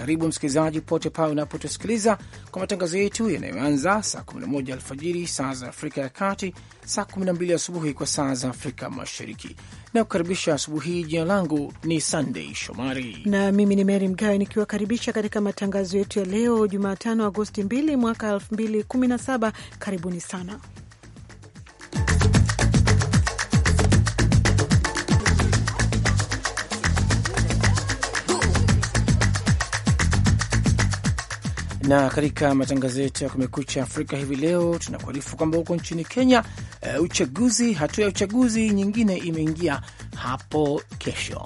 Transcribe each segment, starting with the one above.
Karibu msikilizaji, popote pale unapotusikiliza kwa matangazo yetu yanayoanza saa 11 alfajiri saa za Afrika ya Kati, saa 12 asubuhi kwa saa za Afrika Mashariki na kukaribisha asubuhi hii. Jina langu ni sandei Shomari na mimi ni Mary Mgawe nikiwakaribisha katika matangazo yetu ya leo Jumatano, Agosti 2 mwaka 2017. Karibuni sana na katika matangazo yetu ya Kumekucha Afrika hivi leo tunakuarifu kwamba huko nchini Kenya uh, uchaguzi, hatua ya uchaguzi nyingine imeingia hapo kesho.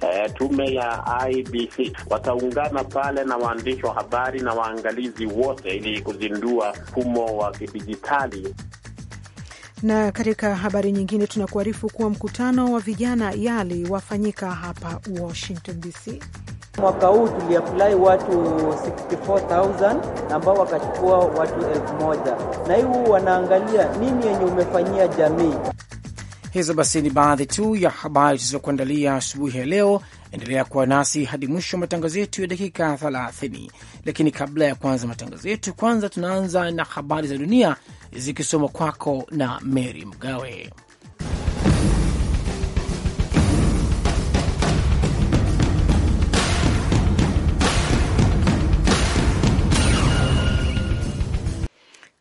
E, tume ya IBC wataungana pale na waandishi wa habari na waangalizi wote ili kuzindua mfumo wa kidijitali. Na katika habari nyingine tunakuarifu kuwa mkutano wa vijana YALI wafanyika hapa Washington DC. Mwaka huu tuliapply watu 64000 ambao wakachukua watu 1,000 na hii huu wanaangalia nini yenye umefanyia jamii. Hizo basi ni baadhi tu ya habari tulizokuandalia asubuhi ya leo. Endelea kuwa nasi hadi mwisho wa matangazo yetu ya dakika 30, lakini kabla ya kuanza matangazo yetu, kwanza tunaanza na habari za dunia zikisomwa kwako na Mary Mgawe.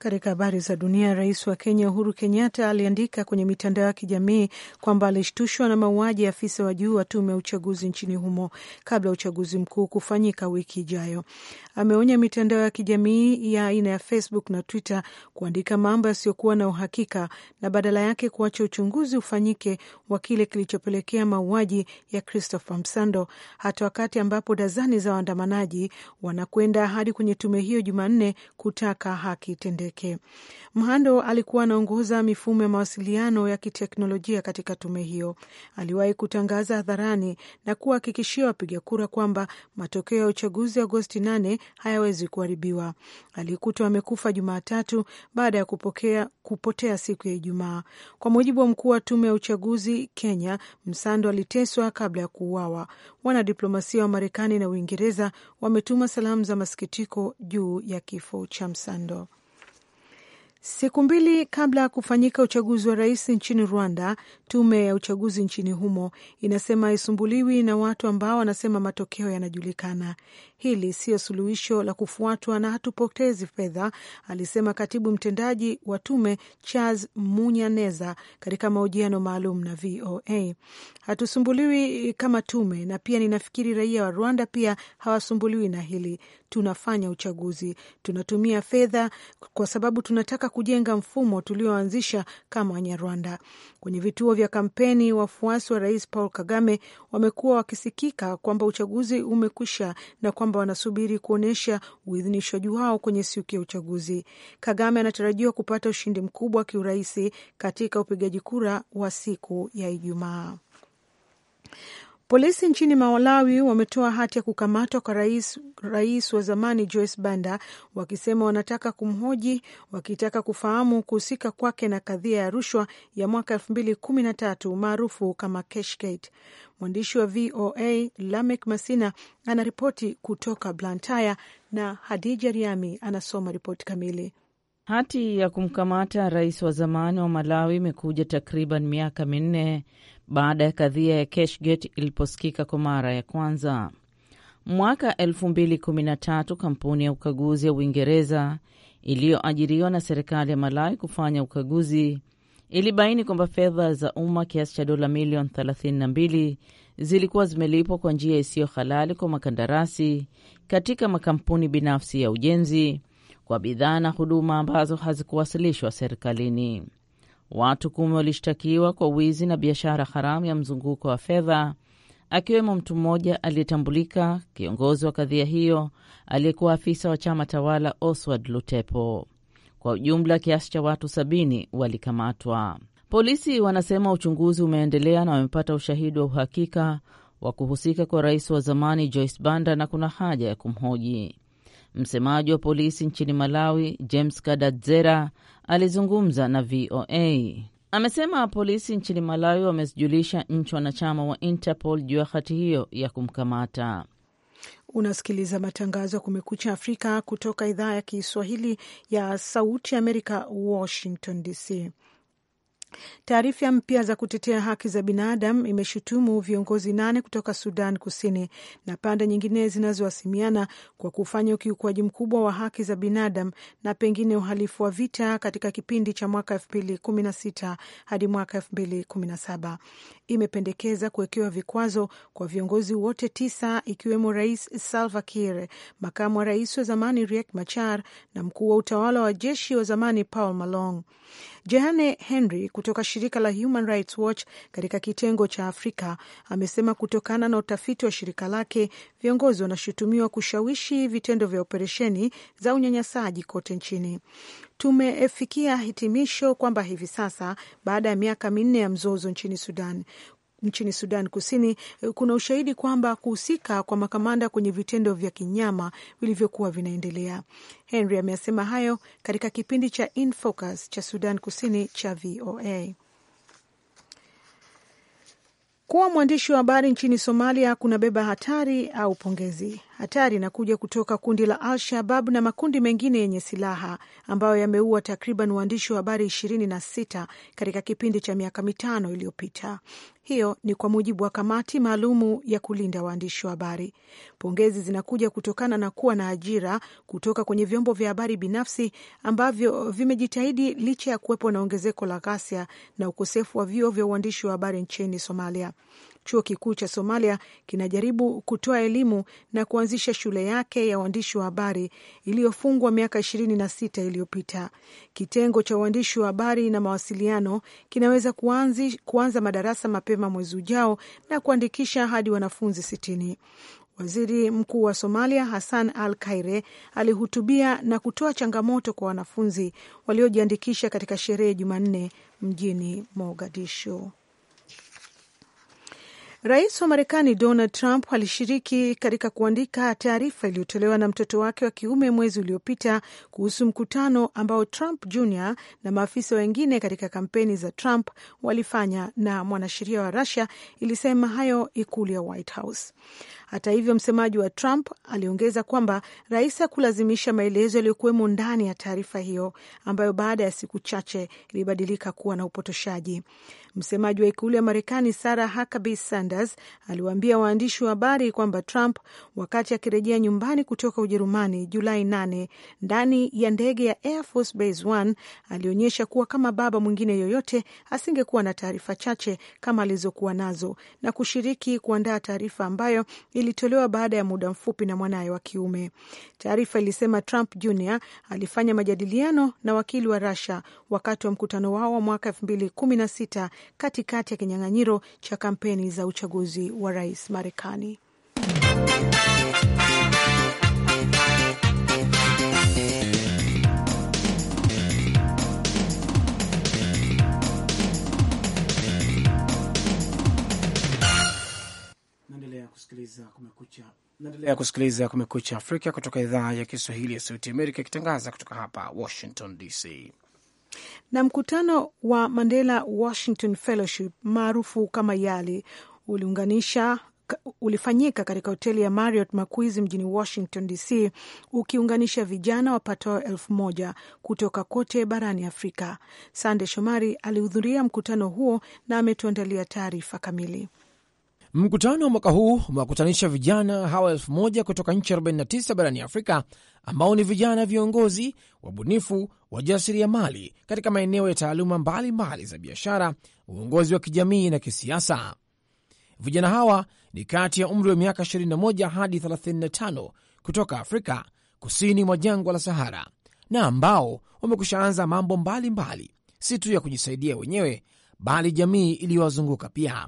Katika habari za dunia, rais wa Kenya Uhuru Kenyatta aliandika kwenye mitandao ya kijamii kwamba alishtushwa na mauaji ya afisa wa juu wa tume ya uchaguzi nchini humo kabla ya uchaguzi mkuu kufanyika wiki ijayo. Ameonya mitandao ya kijamii ya aina ya Facebook na Twitter kuandika mambo yasiyokuwa na uhakika na badala yake kuacha uchunguzi ufanyike wa kile kilichopelekea mauaji ya Christopher Msando, hata wakati ambapo dazani za waandamanaji wanakwenda hadi kwenye tume hiyo Jumanne kutaka haki itendeke yake. Mhando alikuwa anaongoza mifumo ya mawasiliano ya kiteknolojia katika tume hiyo. Aliwahi kutangaza hadharani na kuwahakikishia wapiga kura kwamba matokeo ya uchaguzi Agosti 8 hayawezi kuharibiwa. Alikutwa amekufa Jumatatu baada ya kupokea, kupotea siku ya Ijumaa, kwa mujibu wa mkuu wa tume ya uchaguzi Kenya. Msando aliteswa kabla ya kuuawa. Wanadiplomasia wa Marekani na Uingereza wametuma salamu za masikitiko juu ya kifo cha Msando. Siku mbili kabla ya kufanyika uchaguzi wa rais nchini Rwanda, tume ya uchaguzi nchini humo inasema haisumbuliwi na watu ambao wanasema matokeo yanajulikana hili siyo suluhisho la kufuatwa na hatupotezi fedha, alisema katibu mtendaji wa tume Charles Munyaneza katika mahojiano maalum na VOA. Hatusumbuliwi kama tume, na pia ninafikiri raia wa Rwanda pia hawasumbuliwi na hili. Tunafanya uchaguzi, tunatumia fedha kwa sababu tunataka kujenga mfumo tulioanzisha kama Wanyarwanda. Kwenye vituo vya kampeni, wafuasi wa rais Paul Kagame wamekuwa wakisikika kwamba uchaguzi umekwisha na kwa kwamba wanasubiri kuonyesha uidhinishwaji wao kwenye siku ya uchaguzi. Kagame anatarajiwa kupata ushindi mkubwa kiurahisi katika upigaji kura wa siku ya Ijumaa. Polisi nchini Malawi wametoa hati ya kukamatwa kwa rais, rais wa zamani Joyce Banda wakisema wanataka kumhoji wakitaka kufahamu kuhusika kwake na kadhia ya rushwa ya mwaka elfu mbili kumi na tatu maarufu kama Cashgate. Mwandishi wa VOA Lamek Masina anaripoti kutoka Blantyre na Hadija Riami anasoma ripoti kamili. Hati ya kumkamata rais wa zamani wa Malawi imekuja takriban miaka minne baada ya kadhia ya Cashgate iliposikika kwa mara ya kwanza mwaka 2013. Kampuni ya ukaguzi ya Uingereza iliyoajiriwa na serikali ya Malawi kufanya ukaguzi ilibaini kwamba fedha za umma kiasi cha dola milioni 32 zilikuwa zimelipwa kwa njia isiyo halali kwa makandarasi katika makampuni binafsi ya ujenzi kwa bidhaa na huduma ambazo hazikuwasilishwa serikalini. Watu kumi walishtakiwa kwa wizi na biashara haramu ya mzunguko wa fedha, akiwemo mtu mmoja aliyetambulika, kiongozi wa kadhia hiyo aliyekuwa afisa wa chama tawala Oswald Lutepo. Kwa ujumla kiasi cha watu sabini walikamatwa. Polisi wanasema uchunguzi umeendelea na wamepata ushahidi wa uhakika wa kuhusika kwa rais wa zamani Joyce Banda na kuna haja ya kumhoji. Msemaji wa polisi nchini Malawi, James Kadadzera, alizungumza na VOA. Amesema polisi nchini Malawi wamezijulisha nchi wanachama wa Interpol juu ya hati hiyo ya kumkamata. Unasikiliza matangazo ya Kumekucha Afrika kutoka idhaa ya Kiswahili ya Sauti Amerika, Washington DC. Taarifa mpya za kutetea haki za binadamu imeshutumu viongozi nane kutoka Sudan Kusini na pande nyingine zinazohasimiana kwa kufanya ukiukwaji mkubwa wa haki za binadamu na pengine uhalifu wa vita katika kipindi cha mwaka elfu mbili kumi na sita hadi mwaka elfu mbili kumi na saba imependekeza kuwekewa vikwazo kwa viongozi wote tisa ikiwemo Rais Salva Kiir, makamu wa rais wa zamani Riek Machar na mkuu wa utawala wa jeshi wa zamani Paul Malong. Jehane Henry kutoka shirika la Human Rights Watch katika kitengo cha Afrika amesema kutokana na utafiti wa shirika lake, viongozi wanashutumiwa kushawishi vitendo vya operesheni za unyanyasaji kote nchini tumefikia hitimisho kwamba hivi sasa baada ya miaka minne ya mzozo nchini Sudan nchini Sudan Kusini kuna ushahidi kwamba kuhusika kwa makamanda kwenye vitendo vya kinyama vilivyokuwa vinaendelea. Henry ameasema hayo katika kipindi cha InFocus cha Sudan Kusini cha VOA. Kuwa mwandishi wa habari nchini Somalia kunabeba hatari au pongezi. Hatari inakuja kutoka kundi la Al Shabab na makundi mengine yenye silaha ambayo yameua takriban waandishi wa habari ishirini na sita katika kipindi cha miaka mitano iliyopita. Hiyo ni kwa mujibu wa kamati maalumu ya kulinda waandishi wa habari. Pongezi zinakuja kutokana na kuwa na ajira kutoka kwenye vyombo vya habari binafsi ambavyo vimejitahidi licha ya kuwepo na ongezeko la ghasia na ukosefu wa vyuo vya uandishi wa habari nchini Somalia chuo kikuu cha Somalia kinajaribu kutoa elimu na kuanzisha shule yake ya uandishi wa habari iliyofungwa miaka ishirini na sita iliyopita. Kitengo cha uandishi wa habari na mawasiliano kinaweza kuanzi, kuanza madarasa mapema mwezi ujao na kuandikisha hadi wanafunzi sitini. Waziri Mkuu wa Somalia Hassan Al Kaire alihutubia na kutoa changamoto kwa wanafunzi waliojiandikisha katika sherehe Jumanne mjini Mogadishu. Rais wa Marekani Donald Trump alishiriki katika kuandika taarifa iliyotolewa na mtoto wake wa kiume mwezi uliopita kuhusu mkutano ambao Trump Jr na maafisa wengine katika kampeni za Trump walifanya na mwanasheria wa Rusia, ilisema hayo ikulu ya White House. Hata hivyo, msemaji wa Trump aliongeza kwamba rais hakulazimisha maelezo yaliyokuwemo ndani ya taarifa hiyo ambayo baada ya siku chache ilibadilika kuwa na upotoshaji. Msemaji wa ikulu ya Marekani Sarah Huckabee Sanders aliwaambia waandishi wa habari kwamba Trump wakati akirejea nyumbani kutoka Ujerumani Julai 8 ndani ya ndege ya Air Force Base One alionyesha kuwa kama baba mwingine yoyote asingekuwa na taarifa chache kama alizokuwa nazo na kushiriki kuandaa taarifa ambayo ilitolewa baada ya muda mfupi na mwanaye wa kiume. Taarifa ilisema Trump Jr alifanya majadiliano na wakili wa Russia wakati wa mkutano wao wa mwaka sita katikati ya kinyang'anyiro cha kampeni za uchaguzi wa rais Marekani. kusikiliza Kumekucha, naendelea kusikiliza Kumekucha Afrika kutoka idhaa ya Kiswahili ya Sauti Amerika ikitangaza kutoka hapa Washington DC. Na mkutano wa Mandela Washington Fellowship maarufu kama YALI uliunganisha ulifanyika katika hoteli ya Marriott Makuizi mjini Washington DC, ukiunganisha vijana wapatao elfu moja kutoka kote barani Afrika. Sande Shomari alihudhuria mkutano huo na ametuandalia taarifa kamili. Mkutano wa mwaka huu umewakutanisha vijana hawa elfu moja kutoka nchi 49 barani Afrika, ambao ni vijana viongozi, wabunifu, wajasiriamali katika maeneo ya taaluma mbalimbali za biashara, uongozi wa kijamii na kisiasa. Vijana hawa ni kati ya umri wa miaka 21 hadi 35 kutoka Afrika kusini mwa jangwa la Sahara, na ambao wamekusha anza mambo mbalimbali, si tu ya kujisaidia wenyewe, bali jamii iliyowazunguka pia.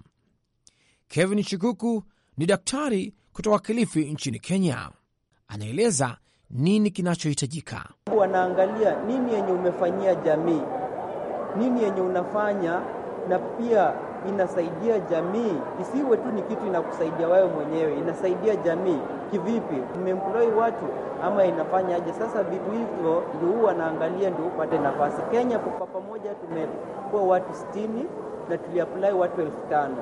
Kevin Chikuku ni daktari kutoka Kilifi nchini Kenya, anaeleza nini kinachohitajika. Wanaangalia nini yenye umefanyia jamii, nini yenye unafanya, na pia inasaidia jamii. Isiwe tu ni kitu inakusaidia wewe mwenyewe, inasaidia jamii kivipi? Umemploi watu ama inafanya aje? Sasa vitu hivyo ndio huwa wanaangalia, ndio upate nafasi. Kenya kwa pamoja tumekuwa watu sitini na tuliapply watu elfu tano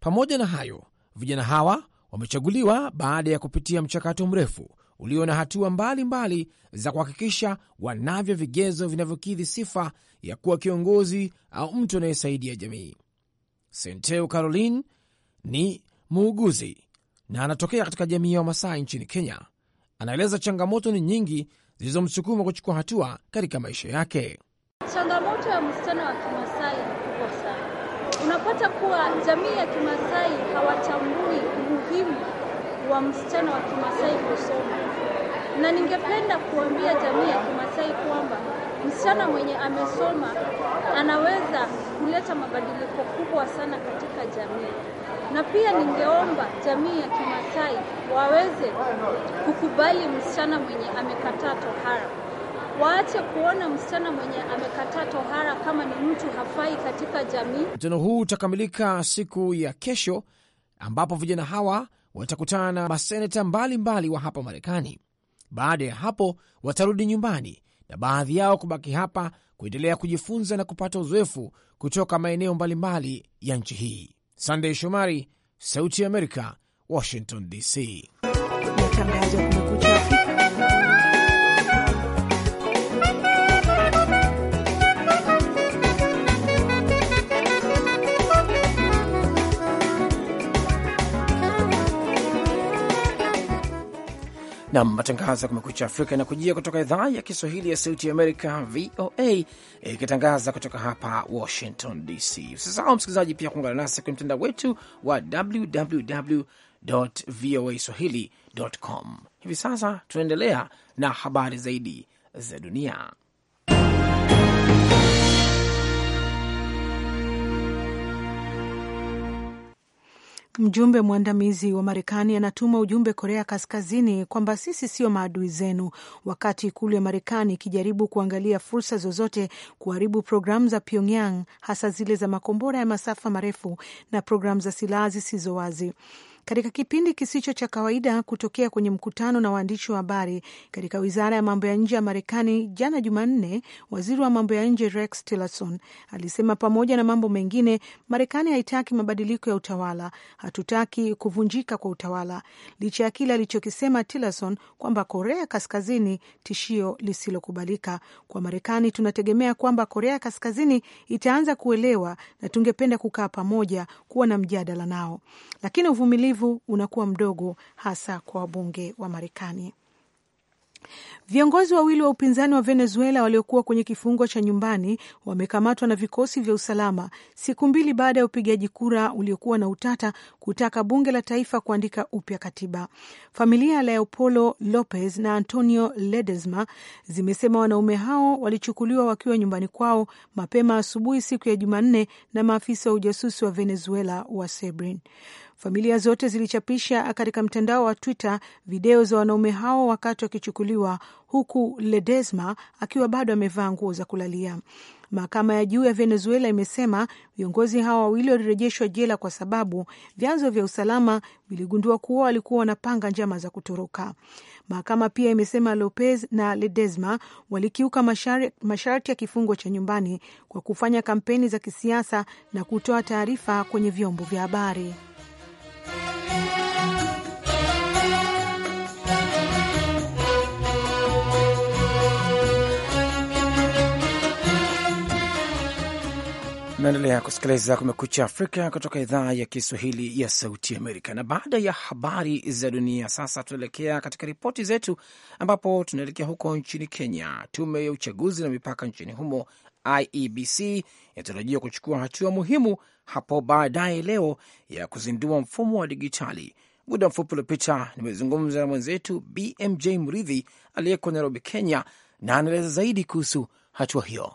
pamoja na hayo, vijana hawa wamechaguliwa baada ya kupitia mchakato mrefu ulio na hatua mbalimbali mbali za kuhakikisha wanavyo vigezo vinavyokidhi sifa ya kuwa kiongozi au mtu anayesaidia jamii. Senteu Caroline ni muuguzi na anatokea katika jamii ya Wamasai nchini Kenya. Anaeleza changamoto ni nyingi zilizomsukuma kuchukua hatua katika maisha yake. Changamoto ya msichana wa Kimasai unapata kuwa jamii ya Kimasai hawatambui umuhimu wa msichana wa Kimasai kusoma, na ningependa kuambia jamii ya Kimasai kwamba msichana mwenye amesoma anaweza kuleta mabadiliko kubwa sana katika jamii, na pia ningeomba jamii ya Kimasai waweze kukubali msichana mwenye amekataa tohara waache kuona msichana mwenye amekataa tohara kama ni mtu hafai katika jamii. Mkutano huu utakamilika siku ya kesho, ambapo vijana hawa watakutana na maseneta mbalimbali wa hapa Marekani. Baada ya hapo, watarudi nyumbani na baadhi yao kubaki hapa kuendelea kujifunza na kupata uzoefu kutoka maeneo mbalimbali ya nchi hii. Sandey Shomari, Sauti ya Amerika, Washington DC. Nam matangazo ya Kumekucha Afrika yanakujia kutoka idhaa ya Kiswahili ya Sauti ya Amerika, VOA, ikitangaza kutoka hapa Washington DC. Usisahau msikilizaji, pia kuungana nasi kwenye mtandao wetu wa www voa swahili com. Hivi sasa tunaendelea na habari zaidi za dunia. Mjumbe mwandamizi wa Marekani anatuma ujumbe Korea Kaskazini kwamba sisi sio maadui zenu, wakati ikulu ya Marekani ikijaribu kuangalia fursa zozote kuharibu programu za Pyongyang, hasa zile za makombora ya masafa marefu na programu za silaha zisizo wazi katika kipindi kisicho cha kawaida kutokea kwenye mkutano na waandishi wa habari katika wizara ya mambo ya nje ya Marekani jana Jumanne, waziri wa mambo ya nje Rex Tillerson alisema pamoja na mambo mengine, Marekani haitaki mabadiliko ya utawala, hatutaki kuvunjika kwa utawala, licha ya kile alichokisema Tillerson kwamba Korea Kaskazini tishio lisilokubalika kwa Marekani. Tunategemea kwamba Korea Kaskazini itaanza kuelewa na tungependa kukaa pamoja, kuwa na mjadala nao, lakini uvumilivu usikivu unakuwa mdogo, hasa kwa wabunge wa Marekani. Viongozi wawili wa upinzani wa Venezuela waliokuwa kwenye kifungo cha nyumbani wamekamatwa na vikosi vya usalama siku mbili baada ya upigaji kura uliokuwa na utata kutaka bunge la taifa kuandika upya katiba. Familia ya Leopoldo Lopez na Antonio Ledesma zimesema wanaume hao walichukuliwa wakiwa nyumbani kwao mapema asubuhi siku ya Jumanne na maafisa wa ujasusi wa Venezuela wa SEBRIN. Familia zote zilichapisha katika mtandao wa Twitter video za wanaume hao wakati wakichukuliwa, huku Ledesma akiwa bado amevaa nguo za kulalia. Mahakama ya juu ya Venezuela imesema viongozi hao wawili walirejeshwa jela kwa sababu vyanzo vya usalama viligundua kuwa walikuwa wanapanga njama za kutoroka. Mahakama pia imesema Lopez na Ledesma walikiuka masharti ya kifungo cha nyumbani kwa kufanya kampeni za kisiasa na kutoa taarifa kwenye vyombo vya habari. Naendelea kusikiliza Kumekucha Afrika kutoka idhaa ya Kiswahili ya Sauti Amerika. Na baada ya habari za dunia, sasa tunaelekea katika ripoti zetu, ambapo tunaelekea huko nchini Kenya. Tume ya Uchaguzi na Mipaka nchini humo, IEBC, inatarajiwa kuchukua hatua muhimu hapo baadaye leo ya kuzindua mfumo wa digitali. Muda mfupi uliopita nimezungumza na mwenzetu BMJ Mridhi aliyeko Nairobi, Kenya, na anaeleza zaidi kuhusu hatua hiyo.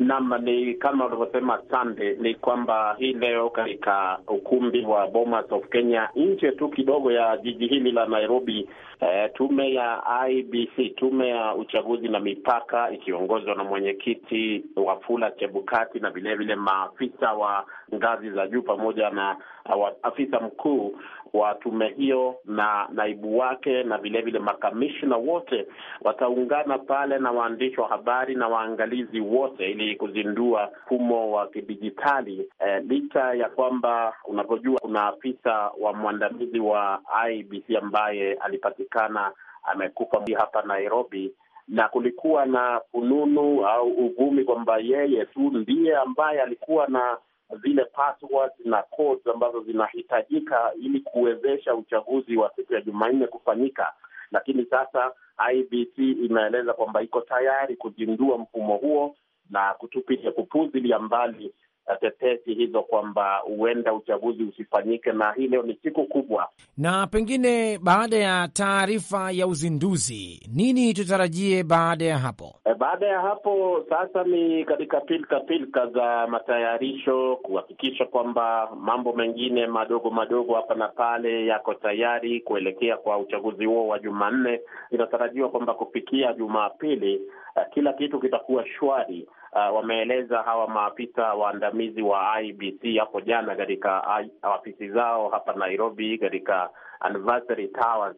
Naam, ni kama ulivyosema Sande, ni kwamba hii leo katika ukumbi wa Bomas of Kenya, nje tu kidogo ya jiji hili la Nairobi, E, tume ya IBC, tume ya uchaguzi na mipaka ikiongozwa na mwenyekiti Wafula Chebukati na vilevile maafisa wa ngazi za juu pamoja na uh, wa, afisa mkuu wa tume hiyo na naibu wake na vilevile makamishna wote wataungana pale na waandishi wa habari na waangalizi wote ili kuzindua mfumo wa kidijitali e, licha ya kwamba unavyojua kuna afisa wa mwandamizi wa IBC ambaye alipati, anajulikana amekufa hapa Nairobi, na kulikuwa na fununu au uvumi kwamba yeye tu ndiye ambaye alikuwa na zile passwords na codes ambazo zinahitajika ili kuwezesha uchaguzi wa siku ya Jumanne kufanyika. Lakini sasa IBC inaeleza kwamba iko tayari kuzindua mfumo huo na kutupilia kupuzilia mbali tetesi hizo kwamba huenda uchaguzi usifanyike, na hii leo ni siku kubwa. Na pengine baada ya taarifa ya uzinduzi, nini tutarajie baada ya hapo? E, baada ya hapo sasa ni katika pilka pilka za matayarisho kuhakikisha kwamba mambo mengine madogo madogo hapa na pale yako tayari kuelekea kwa uchaguzi huo wa Jumanne. Inatarajiwa kwamba kufikia Jumapili Uh, kila kitu kitakuwa shwari. Uh, wameeleza hawa maafisa waandamizi wa IBC hapo jana katika ofisi zao hapa Nairobi, katika Anniversary Towers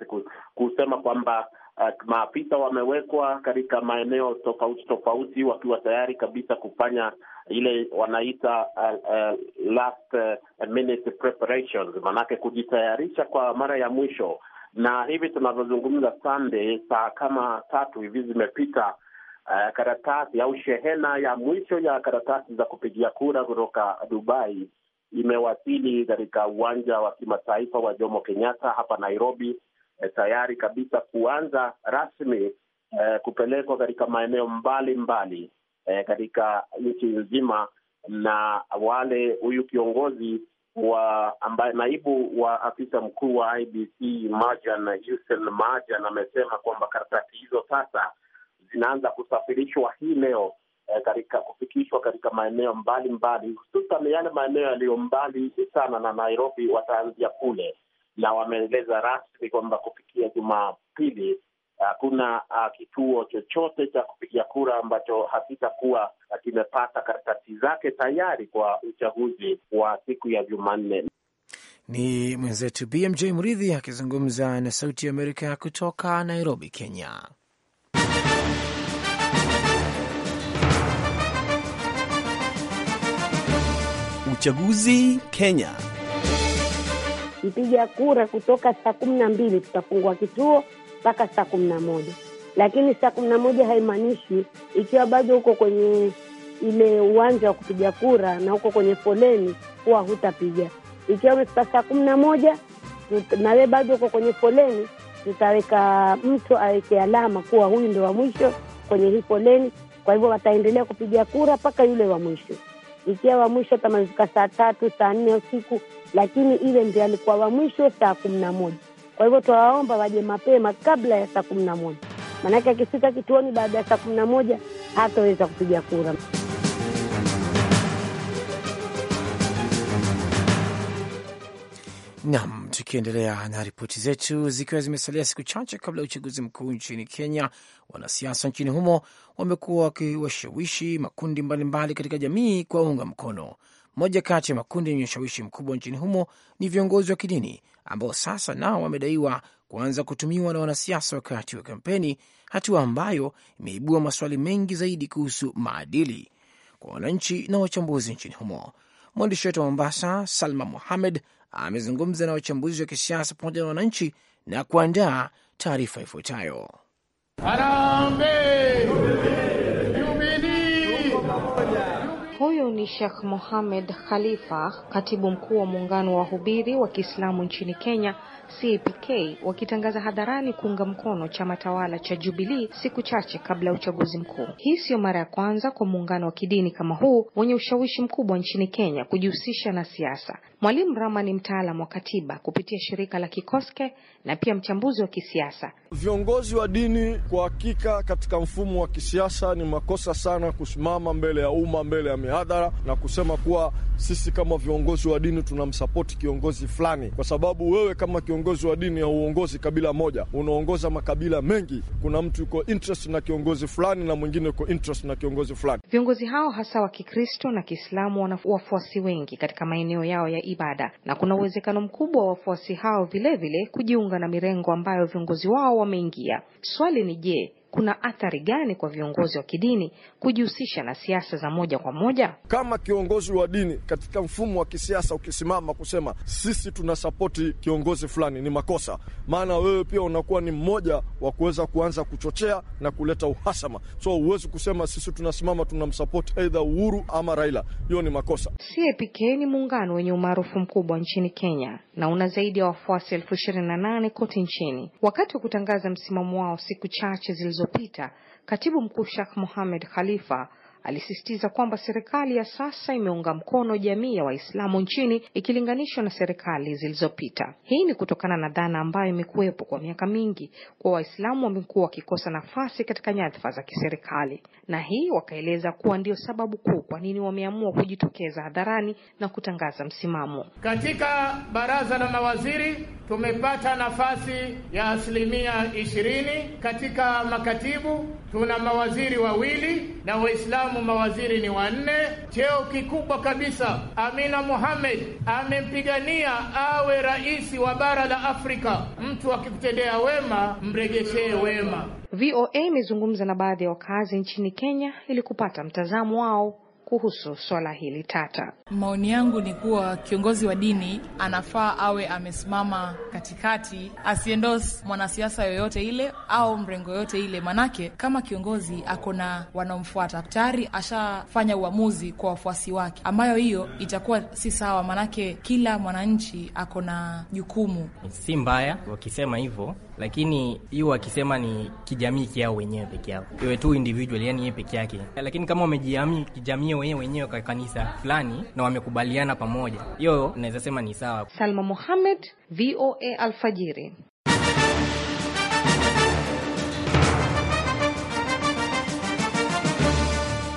kusema kwamba uh, maafisa wamewekwa katika maeneo tofauti tofauti wakiwa tayari kabisa kufanya ile wanaita uh, uh, last uh, minute preparations, kujitayarisha kwa mara ya mwisho. Na hivi tunavyozungumza, Sunday, saa kama tatu hivi zimepita uh, karatasi au shehena ya mwisho ya karatasi za kupigia kura kutoka Dubai imewasili katika uwanja wa kimataifa wa Jomo Kenyatta hapa Nairobi, eh, tayari kabisa kuanza rasmi eh, kupelekwa katika maeneo mbalimbali eh, katika nchi nzima, na wale huyu kiongozi wa ambaye naibu wa afisa mkuu wa IBC Marjan Hussein Marjan amesema kwamba karatasi hizo sasa zinaanza kusafirishwa hii leo eh, katika kufikishwa katika maeneo mbalimbali, hususan yale maeneo yaliyo mbali sana na Nairobi, wataanzia kule, na wameeleza rasmi kwamba kufikia Jumapili eh, hakuna uh, kituo chochote cha kupigia kura ambacho hakitakuwa kimepata karatasi zake tayari kwa uchaguzi wa siku ya Jumanne. Ni mwenzetu BMJ Mridhi akizungumza na Sauti ya Amerika kutoka Nairobi, Kenya. uchaguzi Kenya. Mpiga kura kutoka saa kumi na mbili tutafungua kituo mpaka saa kumi na moja lakini saa kumi na moja haimaanishi ikiwa bado huko kwenye ile uwanja wa kupiga kura na huko kwenye foleni huwa hutapiga. Ikiwa umefika saa kumi na moja na we bado huko kwenye foleni, tutaweka mtu aweke alama kuwa huyu ndo wa mwisho kwenye hii foleni. Kwa hivyo wataendelea kupiga kura mpaka yule wa mwisho ikiwa wa mwisho atamalizika saa tatu saa nne usiku, lakini ile ndio alikuwa wa mwisho saa kumi na moja. Kwa hivyo tunawaomba waje mapema kabla ya saa kumi na moja, maanake akifika kituoni baada ya saa kumi na moja hataweza kupiga kura. Naam. Tukiendelea na ripoti zetu, zikiwa zimesalia siku chache kabla ya uchaguzi mkuu nchini Kenya, wanasiasa nchini humo wamekuwa wakiwashawishi makundi mbalimbali katika jamii kuwaunga mkono. Moja kati ya makundi yenye ushawishi mkubwa nchini humo ni viongozi wa kidini ambao sasa nao wamedaiwa kuanza kutumiwa na wanasiasa wakati wa kampeni, hatua ambayo imeibua maswali mengi zaidi kuhusu maadili kwa wananchi na wachambuzi nchini humo. Mwandishi wetu wa Mombasa, Salma Muhamed, amezungumza na wachambuzi wa kisiasa pamoja na wananchi na kuandaa taarifa ifuatayo. Huyu ni Sheikh Mohamed Khalifa, katibu mkuu wa muungano wa wahubiri wa Kiislamu nchini Kenya CAPK wakitangaza hadharani kuunga mkono chama tawala cha Jubilee siku chache kabla ya uchaguzi mkuu. Hii siyo mara ya kwanza kwa muungano wa kidini kama huu wenye ushawishi mkubwa nchini Kenya kujihusisha na siasa. Mwalimu Rama ni mtaalamu wa katiba kupitia shirika la Kikoske na pia mchambuzi wa kisiasa. Viongozi wa dini kwa hakika, katika mfumo wa kisiasa ni makosa sana kusimama mbele ya umma, mbele ya mihadhara na kusema kuwa sisi kama viongozi wa dini tunamsapoti kiongozi fulani, kwa sababu wewe kama kiongozi uongozi wa dini ya uongozi kabila moja, unaongoza makabila mengi. Kuna mtu yuko interest na kiongozi fulani na mwingine yuko interest na kiongozi fulani. Viongozi hao hasa wa Kikristo na Kiislamu wana wafuasi wengi katika maeneo yao ya ibada, na kuna uwezekano mkubwa wa wafuasi hao vilevile kujiunga na mirengo ambayo viongozi wao wameingia. Swali ni je, kuna athari gani kwa viongozi wa kidini kujihusisha na siasa za moja kwa moja? Kama kiongozi wa dini katika mfumo wa kisiasa ukisimama kusema sisi tuna sapoti kiongozi fulani, ni makosa, maana wewe pia unakuwa ni mmoja wa kuweza kuanza kuchochea na kuleta uhasama. So huwezi kusema sisi tunasimama tunamsapoti aidha Uhuru ama Raila, hiyo ni makosa. CPK ni muungano wenye umaarufu mkubwa nchini Kenya na una zaidi ya wafuasi elfu ishirini na nane kote nchini. Wakati wa kutangaza msimamo wao siku chache zilizo zilizopita, Katibu Mkuu Sheikh Mohamed Khalifa alisisitiza kwamba serikali ya sasa imeunga mkono jamii ya Waislamu nchini ikilinganishwa na serikali zilizopita. Hii ni kutokana na dhana ambayo imekuwepo kwa miaka mingi kuwa Waislamu wamekuwa wakikosa nafasi katika nyadhifa za kiserikali, na hii wakaeleza kuwa ndio sababu kuu kwa nini wameamua kujitokeza hadharani na kutangaza msimamo. Katika baraza la mawaziri tumepata nafasi ya asilimia ishirini, katika makatibu tuna mawaziri wawili na Waislamu mawaziri ni wanne. Cheo kikubwa kabisa, Amina Mohamed amempigania awe rais wa bara la Afrika. Mtu akikutendea wema, mregeshee wema. VOA imezungumza na baadhi ya wakazi nchini Kenya ili kupata mtazamo wao kuhusu swala hili tata. Maoni yangu ni kuwa kiongozi wa dini anafaa awe amesimama katikati, asiendos mwanasiasa yoyote ile au mrengo yoyote ile, manake kama kiongozi ako na wanaomfuata tayari, ashafanya uamuzi kwa wafuasi wake, ambayo hiyo itakuwa si sawa, manake kila mwananchi ako na jukumu. Si mbaya wakisema hivyo lakini hiyo akisema ni kijamii kiao wenyewe peke yao, iwe tu individual, yani yeye peke yake. Lakini kama wamejiamii kijamii wenyewe wenyewe kwa kanisa fulani na wamekubaliana pamoja, hiyo naweza sema ni sawa. Salma Mohamed, VOA Alfajiri.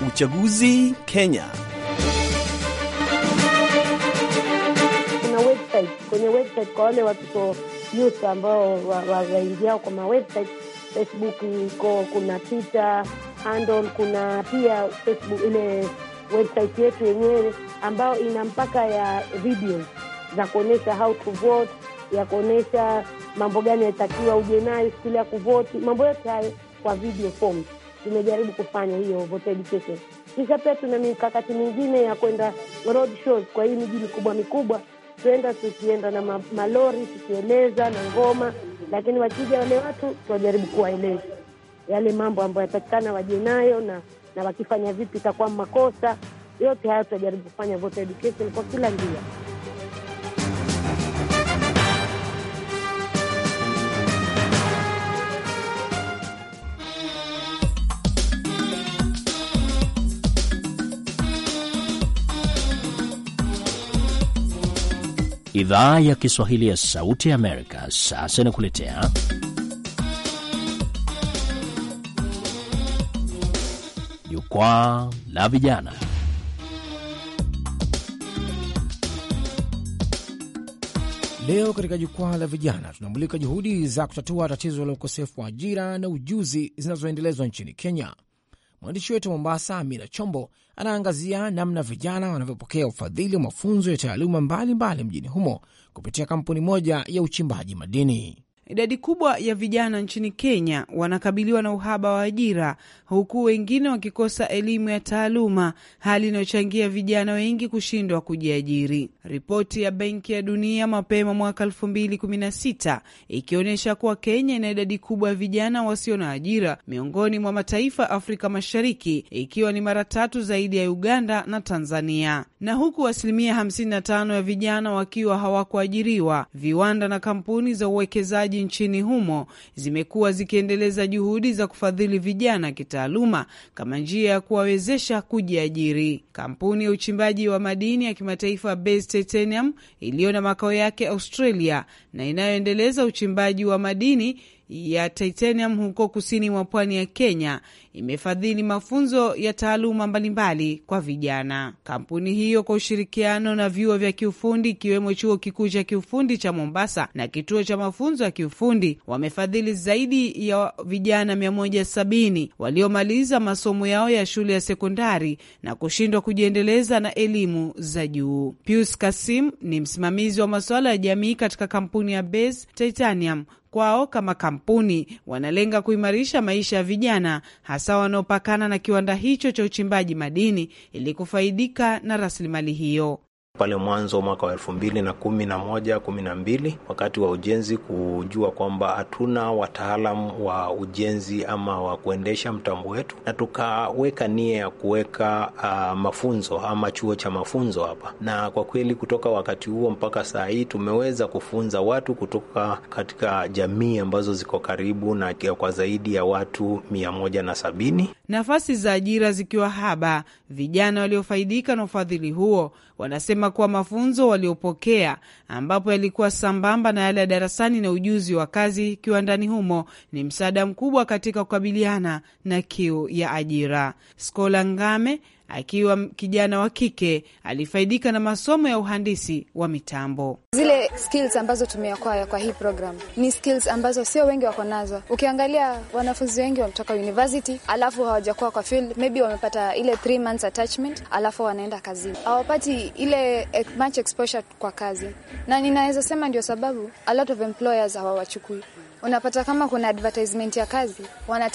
Uchaguzi Kenya. Kuna website, kwenye website kwa wale watoto youth ambao wa kwa mawebsite Facebook iko, kuna Twitter handle, kuna pia Facebook ile website yetu yenyewe ambayo ina mpaka ya video za kuonyesha how to vote, ya kuonyesha mambo gani yatakiwa uje nayo siku ya kuvoti, mambo yote hayo kwa video form. Tumejaribu kufanya hiyo voter education, kisha pia tuna mikakati mingine ya kwenda road shows kwa hii miji mikubwa mikubwa tukienda tukienda na malori tukieleza na ngoma, lakini wakija wale watu tuwajaribu kuwaeleza yale mambo ambayo yatakikana waje nayo na na wakifanya vipi itakuwa makosa yote. Haya tutajaribu kufanya voter education kwa kila njia. Idhaa ya Kiswahili ya Sauti ya Amerika sasa inakuletea Jukwaa la Vijana. Leo katika Jukwaa la Vijana tunamulika juhudi za kutatua tatizo la ukosefu wa ajira na ujuzi zinazoendelezwa nchini Kenya. Mwandishi wetu wa Mombasa, amira Chombo, anaangazia namna vijana wanavyopokea ufadhili wa mafunzo ya taaluma mbalimbali mjini humo kupitia kampuni moja ya uchimbaji madini. Idadi kubwa ya vijana nchini Kenya wanakabiliwa na uhaba wa ajira, huku wengine wakikosa elimu ya taaluma, hali inayochangia vijana wengi kushindwa kujiajiri. Ripoti ya Benki ya Dunia mapema mwaka elfu mbili kumi na sita ikionyesha kuwa Kenya ina idadi kubwa ya vijana wasio na ajira miongoni mwa mataifa Afrika Mashariki, ikiwa ni mara tatu zaidi ya Uganda na Tanzania, na huku asilimia tano ya vijana wakiwa hawakuajiriwa. Viwanda na kampuni za uwekezaji uwekezaji nchini humo zimekuwa zikiendeleza juhudi za kufadhili vijana kitaaluma kama njia ya kuwawezesha kujiajiri. Kampuni ya uchimbaji wa madini ya kimataifa Base Titanium iliyo na makao yake Australia na inayoendeleza uchimbaji wa madini ya Titanium huko kusini mwa pwani ya Kenya imefadhili mafunzo ya taaluma mbalimbali kwa vijana. Kampuni hiyo kwa ushirikiano na vyuo vya kiufundi ikiwemo chuo kikuu cha kiufundi cha Mombasa na kituo cha mafunzo ya kiufundi wamefadhili zaidi ya vijana 170 waliomaliza masomo yao ya shule ya sekondari na kushindwa kujiendeleza na elimu za juu. Pius Kasim ni msimamizi wa masuala ya jamii katika kampuni ya Base Titanium kwao kama kampuni wanalenga kuimarisha maisha ya vijana hasa wanaopakana na kiwanda hicho cha uchimbaji madini ili kufaidika na rasilimali hiyo pale mwanzo mwaka wa elfu mbili na kumi na moja kumi na mbili wakati wa ujenzi, kujua kwamba hatuna wataalam wa ujenzi ama wa kuendesha mtambo wetu, na tukaweka nia ya kuweka uh, mafunzo ama chuo cha mafunzo hapa, na kwa kweli kutoka wakati huo mpaka saa hii tumeweza kufunza watu kutoka katika jamii ambazo ziko karibu na kwa zaidi ya watu mia moja na sabini nafasi za ajira zikiwa haba, vijana waliofaidika na ufadhili huo Wanasema kuwa mafunzo waliopokea, ambapo yalikuwa sambamba na yale ya darasani na ujuzi wa kazi kiwandani humo, ni msaada mkubwa katika kukabiliana na kiu ya ajira. Skola Ngame akiwa kijana wa kike alifaidika na masomo ya uhandisi wa mitambo. Zile skills ambazo tumeakwaya kwa hii program ni skills ambazo sio wengi wako nazo. Ukiangalia wanafunzi wengi wametoka university alafu hawajakuwa kwa field, maybe wamepata ile three months attachment alafu wanaenda kazini, hawapati ile much exposure kwa kazi, na ninaweza sema ndio sababu a lot of employers hawawachukui unapata kama kuna advertisement ya kazi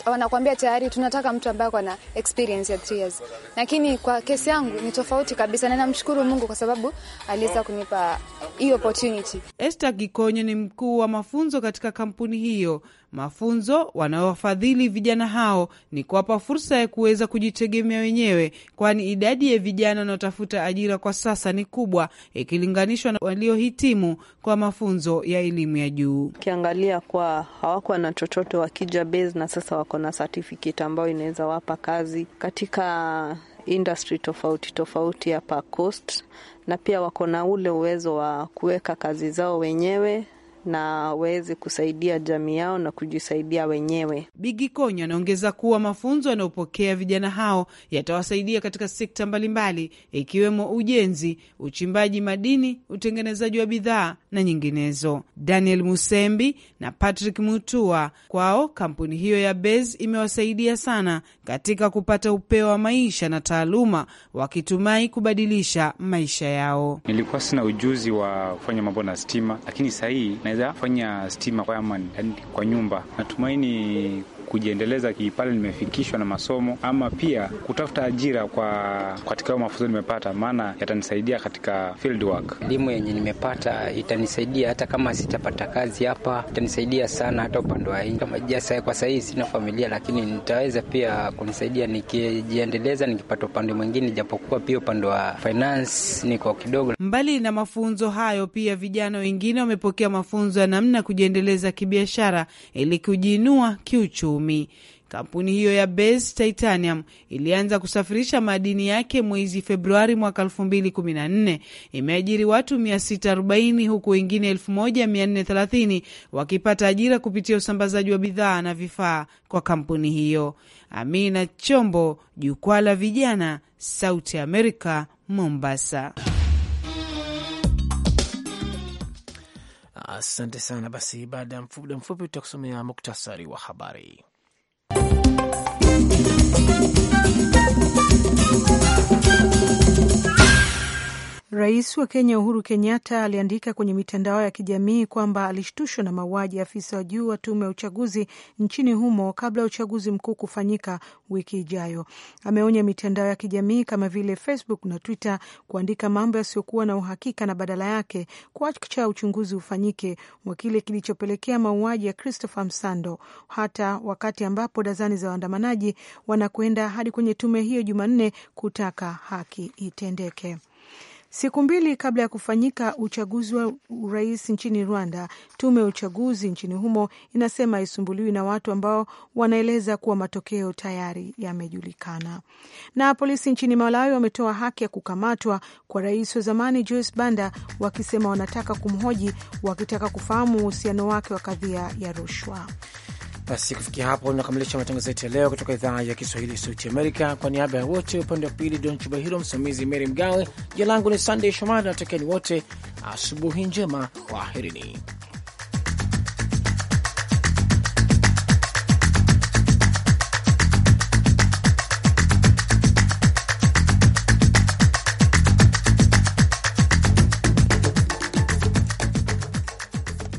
wanakwambia tayari tunataka mtu ambaye na experience ya 3 years, lakini kwa kesi yangu ni tofauti kabisa, na namshukuru Mungu kwa sababu aliweza kunipa hiyo opportunity. Esther Gikonyo ni mkuu wa mafunzo katika kampuni hiyo Mafunzo wanayowafadhili vijana hao ni kuwapa fursa ya kuweza kujitegemea wenyewe, kwani idadi ya vijana wanaotafuta ajira kwa sasa ni kubwa ikilinganishwa na waliohitimu kwa mafunzo ya elimu ya juu. Ukiangalia kwa hawakuwa na chochote wakija base na sasa wako na certificate ambayo inaweza wapa kazi katika industry tofauti tofauti hapa Coast, na pia wako na ule uwezo wa kuweka kazi zao wenyewe na waweze kusaidia jamii yao na kujisaidia wenyewe. bigi Konyo anaongeza kuwa mafunzo yanayopokea vijana hao yatawasaidia katika sekta mbalimbali ikiwemo ujenzi, uchimbaji madini, utengenezaji wa bidhaa na nyinginezo. Daniel Musembi na Patrick Mutua, kwao kampuni hiyo ya Base imewasaidia sana katika kupata upeo wa maisha na taaluma, wakitumai kubadilisha maisha yao. Nilikuwa sina ujuzi wa kufanya mambo na stima, lakini sahii naweza fanya stima fireman, yani kwa nyumba. Natumaini kujiendeleza pale nimefikishwa na masomo, ama pia kutafuta ajira kwa katika hayo mafunzo nimepata, maana yatanisaidia katika field work. Elimu yenye nimepata itanisaidia hata kama sitapata kazi hapa, itanisaidia sana hata upande wa nje. Kwa sahii sina familia, lakini nitaweza pia kunisaidia nikijiendeleza, nikipata upande mwingine, japokuwa pia upande wa finance niko kidogo. Mbali na mafunzo hayo, pia vijana wengine wamepokea mafunzo ya namna ya kujiendeleza kibiashara ili kujiinua kiuchumi kiuchumi. Kampuni hiyo ya Base Titanium ilianza kusafirisha madini yake mwezi Februari mwaka 2014. Imeajiri watu 640 huku wengine 1430 wakipata ajira kupitia usambazaji wa bidhaa na vifaa kwa kampuni hiyo. Amina Chombo, Jukwaa la Vijana, Sauti america Mombasa. Asante sana. Basi baada ya muda mfupi, tutakusomea muktasari wa habari. Thank you. Rais wa Kenya Uhuru Kenyatta aliandika kwenye mitandao ya kijamii kwamba alishtushwa na mauaji ya afisa wa juu wa tume ya uchaguzi nchini humo kabla ya uchaguzi mkuu kufanyika wiki ijayo. Ameonya mitandao ya kijamii kama vile Facebook na Twitter kuandika mambo yasiyokuwa na uhakika na badala yake kuacha uchunguzi ufanyike wa kile kilichopelekea mauaji ya Christopher Msando, hata wakati ambapo dazani za waandamanaji wanakwenda hadi kwenye tume hiyo Jumanne kutaka haki itendeke. Siku mbili kabla ya kufanyika uchaguzi wa urais nchini Rwanda, tume ya uchaguzi nchini humo inasema haisumbuliwi na watu ambao wanaeleza kuwa matokeo tayari yamejulikana. Na polisi nchini Malawi wametoa haki ya kukamatwa kwa rais wa zamani Joyce Banda, wakisema wanataka kumhoji, wakitaka kufahamu uhusiano wake wa kadhia ya rushwa. Basi kufikia hapo unakamilisha matangazo yetu ya leo kutoka idhaa ya Kiswahili ya Sauti Amerika. Kwa niaba ya wote upande wa pili, Don Chubahiro, msimamizi Meri Mgawe, jina langu ni Sandey Shomari na watakieni wote asubuhi njema, kwaherini.